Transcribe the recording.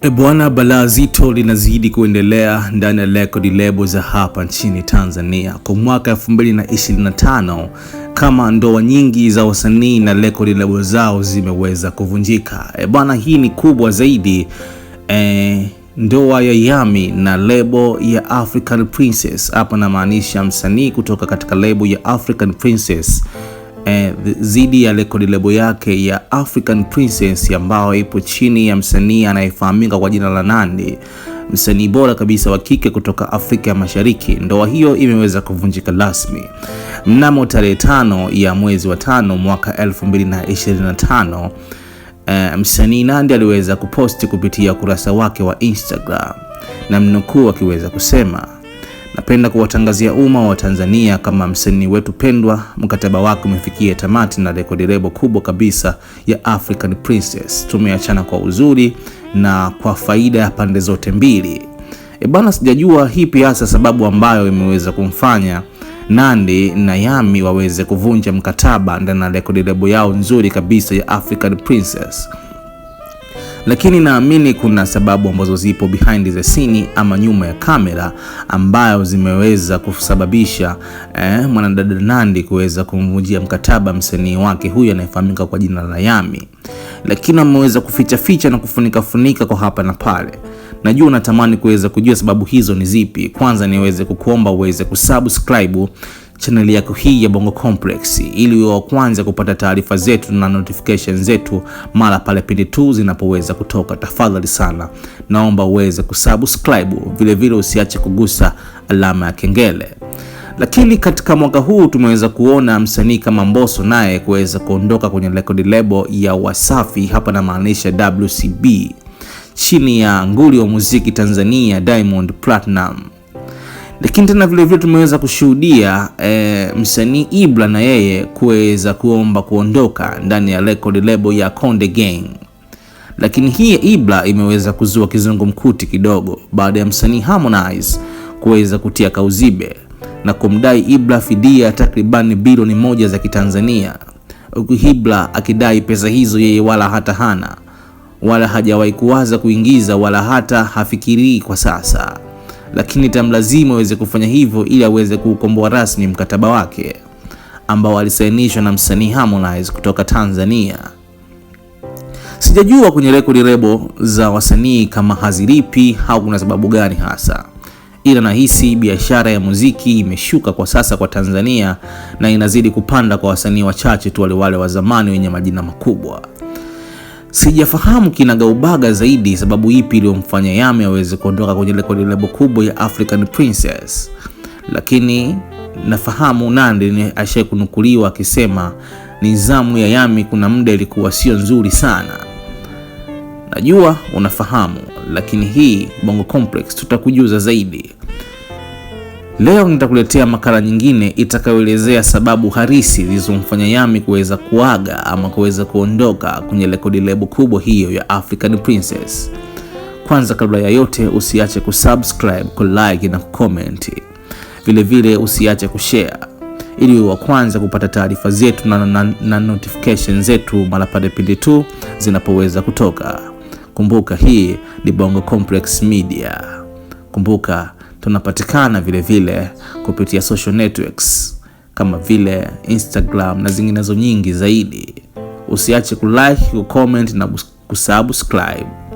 E bwana, balaa zito linazidi kuendelea ndani ya record lebo za hapa nchini Tanzania. Kwa mwaka 2025 kama ndoa nyingi za wasanii na record lebo zao zimeweza kuvunjika. E bwana, hii ni kubwa zaidi e, ndoa ya Yammy na lebo ya African Princess. Hapa namaanisha msanii kutoka katika lebo ya African Princess eh, dhidi ya rekodi lebo yake ya African Princess ambayo ipo chini ya msanii anayefahamika kwa jina la nandi msanii bora kabisa wa kike kutoka Afrika ya Mashariki. Ndoa hiyo imeweza kuvunjika rasmi mnamo tarehe tano ya mwezi wa tano mwaka 2025. Eh, msanii Nandy aliweza kuposti kupitia ukurasa wake wa Instagram na mnukuu akiweza kusema Napenda kuwatangazia umma wa Tanzania kama msanii wetu pendwa, mkataba wake umefikia tamati na rekodi lebo kubwa kabisa ya African Princess. Tumeachana kwa uzuri na kwa faida ya pande zote mbili. E bana, sijajua hipi hasa sababu ambayo imeweza kumfanya nandi na Yami waweze kuvunja mkataba ndani na rekodi lebo yao nzuri kabisa ya African Princess lakini naamini kuna sababu ambazo zipo behind the scene ama nyuma ya kamera ambayo zimeweza kusababisha eh, mwanadada Nandy kuweza kumvunjia mkataba msanii wake huyu anayefahamika kwa jina la Yammy, lakini ameweza kuficha ficha na kufunika funika kwa hapa na pale. Najua unatamani kuweza kujua sababu hizo ni zipi. Kwanza niweze kukuomba uweze kusubscribe chaneli yako hii ya Bongo Complex ili uwe wa kwanza kupata taarifa zetu na notification zetu mara pale pindi tu zinapoweza kutoka. Tafadhali sana, naomba uweze kusubscribe, vilevile usiache kugusa alama ya kengele. Lakini katika mwaka huu tumeweza kuona msanii kama Mbosso naye kuweza kuondoka kwenye record label ya Wasafi, hapa namaanisha WCB, chini ya nguli wa muziki Tanzania Diamond Platinum. Lakini tena vile vile tumeweza kushuhudia e, msanii Ibra na yeye kuweza kuomba kuondoka ndani ya record label ya Konde Gang. Lakini hii Ibra imeweza kuzua kizungumkuti kidogo baada ya msanii Harmonize kuweza kutia kauzibe na kumdai Ibra fidia takribani bilioni moja za Kitanzania, huku Ibra akidai pesa hizo yeye wala hata hana wala hajawahi kuwaza kuingiza wala hata hafikirii kwa sasa lakini itamlazimu aweze kufanya hivyo ili aweze kuukomboa rasmi mkataba wake ambao alisainishwa na msanii Harmonize kutoka Tanzania. Sijajua kwenye rekodi lebo za wasanii kama hazilipi au kuna sababu gani hasa, ila nahisi biashara ya muziki imeshuka kwa sasa kwa Tanzania na inazidi kupanda kwa wasanii wachache tu wale wale wa zamani wenye majina makubwa. Sijafahamu kinagaubaga zaidi sababu ipi iliyomfanya Yami aweze kuondoka kwenye rekodi lebo kubwa ya African Princess, lakini nafahamu Nandi ashai kunukuliwa akisema nizamu ya Yami kuna muda ilikuwa sio nzuri sana. Najua unafahamu, lakini hii Bongo Complex tutakujuza zaidi. Leo nitakuletea makala nyingine itakayoelezea sababu harisi zilizomfanya yami kuweza kuaga ama kuweza kuondoka kwenye rekodi lebo kubwa hiyo ya African Princess. Kwanza kabla ya yote, usiache kusubscribe, kulike na Vile vilevile usiache kushare ili wa kwanza kupata taarifa zetu na, na, na notification zetu mara pale pindi tu zinapoweza kutoka. Kumbuka hii ni Bongo Complex Media. Kumbuka Tunapatikana vile vile kupitia social networks kama vile Instagram na zinginezo nyingi zaidi. Usiache kulike, kucomment na kusubscribe.